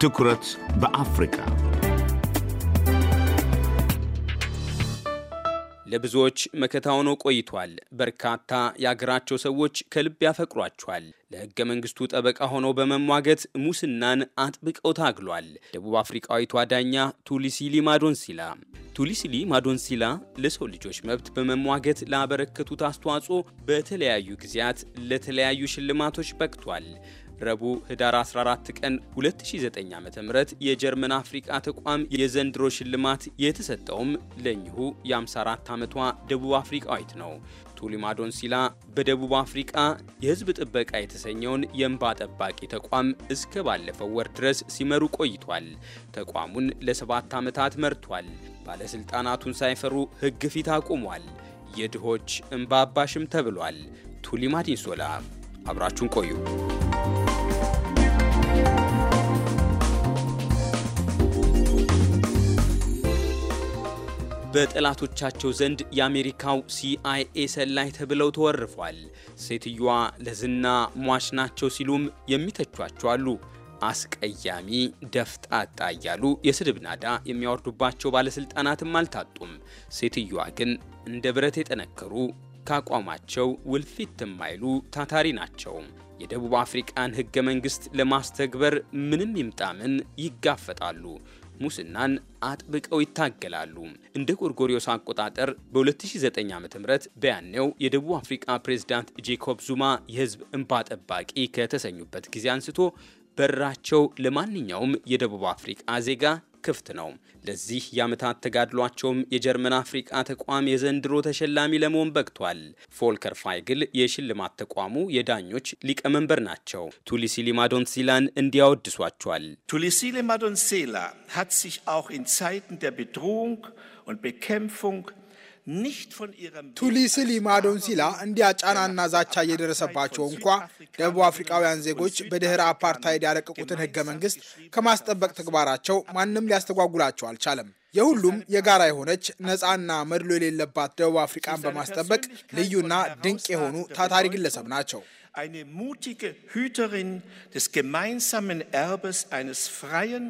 ትኩረት በአፍሪካ ለብዙዎች መከታ ሆኖ ቆይቷል። በርካታ የአገራቸው ሰዎች ከልብ ያፈቅሯቸዋል። ለህገ መንግስቱ ጠበቃ ሆነው በመሟገት ሙስናን አጥብቀው ታግሏል። ደቡብ አፍሪካዊቷ ዳኛ ቱሊሲሊ ማዶንሲላ ቱሊሲሊ ማዶንሲላ ለሰው ልጆች መብት በመሟገት ላበረከቱት አስተዋጽኦ በተለያዩ ጊዜያት ለተለያዩ ሽልማቶች በቅቷል። ረቡዕ ህዳር 14 ቀን 2009 ዓ ም የጀርመን አፍሪቃ ተቋም የዘንድሮ ሽልማት የተሰጠውም ለእኚሁ የ54 ዓመቷ ደቡብ አፍሪቃዊት ነው። ቱሊማ ዶንሲላ በደቡብ አፍሪቃ የህዝብ ጥበቃ የተሰኘውን የእንባ ጠባቂ ተቋም እስከ ባለፈው ወር ድረስ ሲመሩ ቆይቷል። ተቋሙን ለሰባት ዓመታት መርቷል። ባለሥልጣናቱን ሳይፈሩ ሕግ ፊት አቁሟል። የድሆች እንባ አባሽም ተብሏል። ቱሊማ ዲንሶላ አብራችሁን ቆዩ። በጠላቶቻቸው ዘንድ የአሜሪካው ሲአይኤ ሰላይ ተብለው ተወርፏል። ሴትዮዋ ለዝና ሟች ናቸው ሲሉም የሚተቿቸው አሉ። አስቀያሚ ደፍጣጣ እያሉ የስድብ ናዳ የሚያወርዱባቸው ባለስልጣናትም አልታጡም። ሴትዮዋ ግን እንደ ብረት የጠነከሩ ከአቋማቸው ውልፊት የማይሉ ታታሪ ናቸው። የደቡብ አፍሪቃን ሕገ መንግሥት ለማስተግበር ምንም ይምጣምን ይጋፈጣሉ። ሙስናን አጥብቀው ይታገላሉ። እንደ ጎርጎሪዮስ አቆጣጠር በ2009 ዓ.ም በያኔው የደቡብ አፍሪካ ፕሬዝዳንት ጄኮብ ዙማ የህዝብ እንባ ጠባቂ ከተሰኙበት ጊዜ አንስቶ በራቸው ለማንኛውም የደቡብ አፍሪካ ዜጋ ክፍት ነው። ለዚህ የዓመታት ተጋድሏቸውም የጀርመን አፍሪቃ ተቋም የዘንድሮ ተሸላሚ ለመሆን በቅቷል። ፎልከር ፋይግል የሽልማት ተቋሙ የዳኞች ሊቀመንበር ናቸው። ቱሊሲሊ ሊማዶንሲላን እንዲያወድሷቸዋል። ቱሊሲ ማዶንሴላ hat sich auch in Zeiten der Bedrohung und Bekämpfung ቱሊስ ሲላ እንዲያ ጫናና ዛቻ እየደረሰባቸው እንኳ ደቡብ አፍሪካውያን ዜጎች በድህረ አፓርታይድ ያረቀቁትን ህገ መንግስት ከማስጠበቅ ተግባራቸው ማንም ሊያስተጓጉላቸው አልቻለም። የሁሉም የጋራ የሆነች ነፃና መድሎ የሌለባት ደቡብ አፍሪካን በማስጠበቅ ልዩና ድንቅ የሆኑ ታታሪ ግለሰብ ናቸው። eine mutige Hüterin des gemeinsamen Erbes eines freien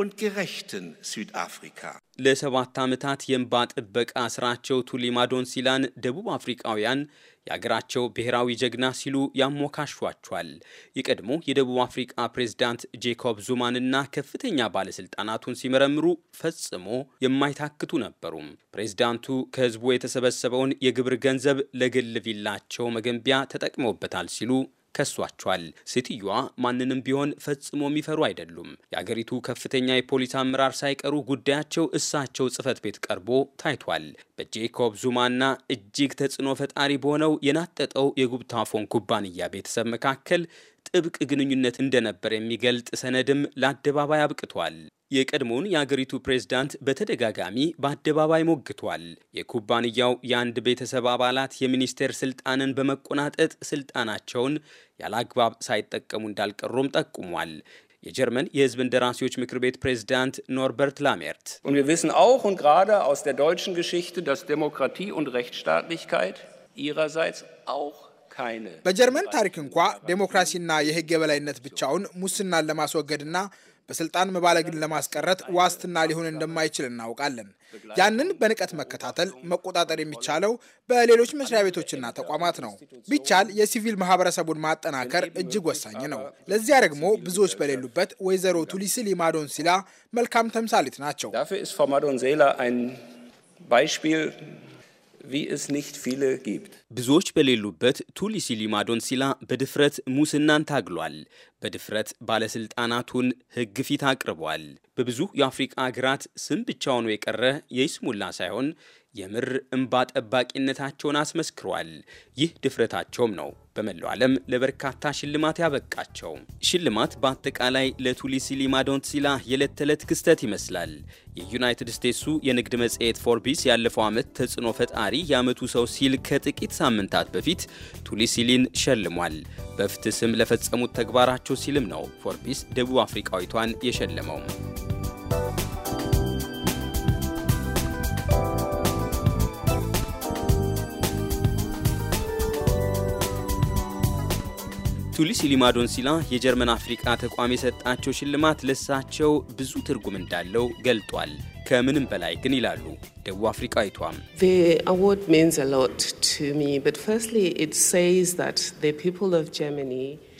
und gerechten Südafrika. ለሰባት ዓመታት የእንባ ጥበቃ ስራቸው ቱሊማ ዶንሲላን ደቡብ አፍሪቃውያን የአገራቸው ብሔራዊ ጀግና ሲሉ ያሞካሿቸዋል። የቀድሞ የደቡብ አፍሪቃ ፕሬዝዳንት ጄኮብ ዙማንና ከፍተኛ ባለስልጣናቱን ሲመረምሩ ፈጽሞ የማይታክቱ ነበሩም። ፕሬዝዳንቱ ከህዝቡ የተሰበሰበውን የግብር ገንዘብ ለግል ቪላቸው መገንቢያ ተጠቅመውበታል ሲሉ ከሷቸዋል። ሴትዮዋ ማንንም ቢሆን ፈጽሞ የሚፈሩ አይደሉም። የአገሪቱ ከፍተኛ የፖሊስ አመራር ሳይቀሩ ጉዳያቸው እሳቸው ጽህፈት ቤት ቀርቦ ታይቷል። በጄኮብ ዙማና እጅግ ተጽዕኖ ፈጣሪ በሆነው የናጠጠው የጉብታፎን ኩባንያ ቤተሰብ መካከል ጥብቅ ግንኙነት እንደነበር የሚገልጥ ሰነድም ለአደባባይ አብቅቷል። የቀድሞውን የአገሪቱ ፕሬዝዳንት በተደጋጋሚ በአደባባይ ሞግቷል። የኩባንያው የአንድ ቤተሰብ አባላት የሚኒስቴር ስልጣንን በመቆናጠጥ ስልጣናቸውን ያለአግባብ ሳይጠቀሙ እንዳልቀሩም ጠቁሟል። የጀርመን የሕዝብ እንደራሴዎች ምክር ቤት ፕሬዝዳንት ኖርበርት ላሜርት በጀርመን ታሪክ እንኳ ዴሞክራሲና የሕግ የበላይነት ብቻውን ሙስናን ለማስወገድና በስልጣን መባለግን ለማስቀረት ዋስትና ሊሆን እንደማይችል እናውቃለን። ያንን በንቀት መከታተል፣ መቆጣጠር የሚቻለው በሌሎች መስሪያ ቤቶችና ተቋማት ነው። ቢቻል የሲቪል ማህበረሰቡን ማጠናከር እጅግ ወሳኝ ነው። ለዚያ ደግሞ ብዙዎች በሌሉበት ወይዘሮ ቱሊስሊ ማዶን ሲላ መልካም ተምሳሌት ናቸው። wie es nicht viele gibt። ብዙዎች በሌሉበት ቱሊሲ ሲላ በድፍረት ሙስናን ታግሏል። በድፍረት ባለስልጣናቱን ሕግ ፊት አቅርቧል። በብዙ የአፍሪቃ ሀገራት ስም ብቻ ሆኖ የቀረ የይስሙላ ሳይሆን የምር እምባ ጠባቂነታቸውን አስመስክሯል። ይህ ድፍረታቸውም ነው በመላው ዓለም ለበርካታ ሽልማት ያበቃቸው። ሽልማት በአጠቃላይ ለቱሊሲ ሊማዶንትሲላ የዕለት ተዕለት ክስተት ይመስላል። የዩናይትድ ስቴትሱ የንግድ መጽሔት ፎርቢስ ያለፈው ዓመት ተጽዕኖ ፈጣሪ የዓመቱ ሰው ሲል ከጥቂት ሳምንታት በፊት ቱሊሲሊን ሸልሟል። በፍትህ ስም ለፈጸሙት ተግባራቸው ሲልም ነው ፎርቢስ ደቡብ አፍሪካዊቷን የሸለመው። ቱሊስ ሲላ የጀርመን አፍሪቃ ተቋም የሰጣቸው ሽልማት ለሳቸው ብዙ ትርጉም እንዳለው ገልጧል። ከምንም በላይ ግን ይላሉ ደቡብ አፍሪቃዊቷም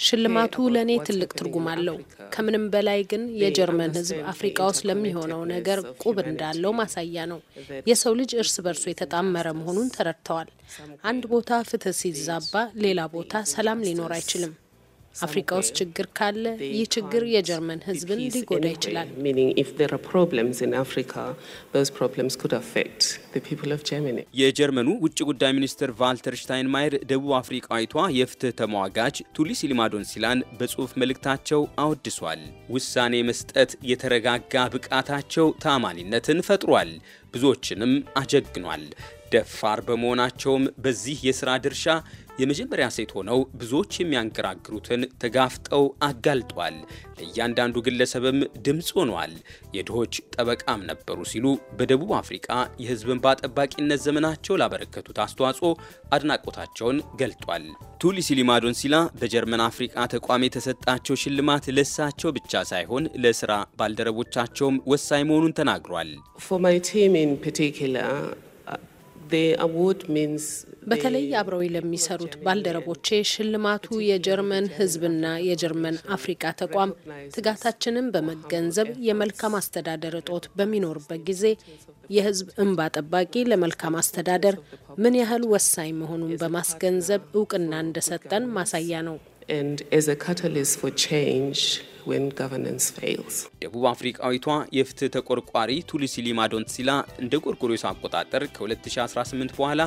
ሽልማቱ eh, ለእኔ ትልቅ ትርጉም አለው። ከምንም በላይ ግን የጀርመን ሕዝብ አፍሪቃ ውስጥ ለሚሆነው ነገር ቁብ እንዳለው ማሳያ ነው። የሰው ልጅ እርስ በርሱ የተጣመረ መሆኑን ተረድተዋል። አንድ ቦታ ፍትህ ሲዛባ፣ ሌላ ቦታ ሰላም ሊኖር አይችልም። አፍሪካ ውስጥ ችግር ካለ ይህ ችግር የጀርመን ህዝብን ሊጎዳ ይችላል። የጀርመኑ ውጭ ጉዳይ ሚኒስትር ቫልተር ሽታይንማየር ደቡብ አፍሪቃዊቷ የፍትህ ተሟጋች ቱሊስ ሲላን በጽሑፍ መልእክታቸው አወድሷል። ውሳኔ መስጠት የተረጋጋ ብቃታቸው ታማኒነትን ፈጥሯል፣ ብዙዎችንም አጀግኗል። ደፋር በመሆናቸውም በዚህ የሥራ ድርሻ የመጀመሪያ ሴት ሆነው ብዙዎች የሚያንገራግሩትን ተጋፍጠው አጋልጧል። ለእያንዳንዱ ግለሰብም ድምፅ ሆኗል። የድሆች ጠበቃም ነበሩ ሲሉ በደቡብ አፍሪካ የህዝብን በአጠባቂነት ዘመናቸው ላበረከቱት አስተዋጽኦ አድናቆታቸውን ገልጧል። ቱሊሲሊ ሲላ በጀርመን አፍሪቃ ተቋም የተሰጣቸው ሽልማት ለእሳቸው ብቻ ሳይሆን ለስራ ባልደረቦቻቸውም ወሳኝ መሆኑን ተናግሯል። በተለይ አብረው ለሚሰሩት ባልደረቦቼ ሽልማቱ የጀርመን ሕዝብና የጀርመን አፍሪቃ ተቋም ትጋታችንን በመገንዘብ የመልካም አስተዳደር እጦት በሚኖርበት ጊዜ የሕዝብ እንባ ጠባቂ ለመልካም አስተዳደር ምን ያህል ወሳኝ መሆኑን በማስገንዘብ እውቅና እንደሰጠን ማሳያ ነው። and as a catalyst for change when governance fails ደቡብ አፍሪካዊቷ የፍትህ ተቆርቋሪ ቱሊሲሊ ማዶንትሲላ እንደ ጎርጎሮስ አቆጣጠር ከ2018 በኋላ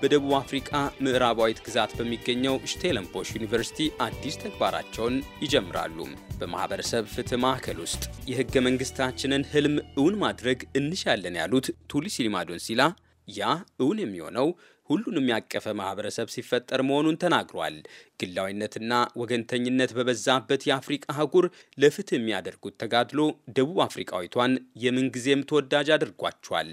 በደቡብ አፍሪካ ምዕራባዊት ግዛት በሚገኘው ሽቴለንቦሽ ዩኒቨርሲቲ አዲስ ተግባራቸውን ይጀምራሉ። በማህበረሰብ ፍትህ ማዕከል ውስጥ የህገ መንግስታችንን ህልም እውን ማድረግ እንሻለን ያሉት ቱሊሲሊ ማዶንሲላ ያ እውን የሚሆነው ሁሉንም ያቀፈ ማህበረሰብ ሲፈጠር መሆኑን ተናግሯል። ግላዊነትና ወገንተኝነት በበዛበት የአፍሪቃ አህጉር ለፍትህ የሚያደርጉት ተጋድሎ ደቡብ አፍሪቃዊቷን የምንጊዜም ተወዳጅ አድርጓቸዋል።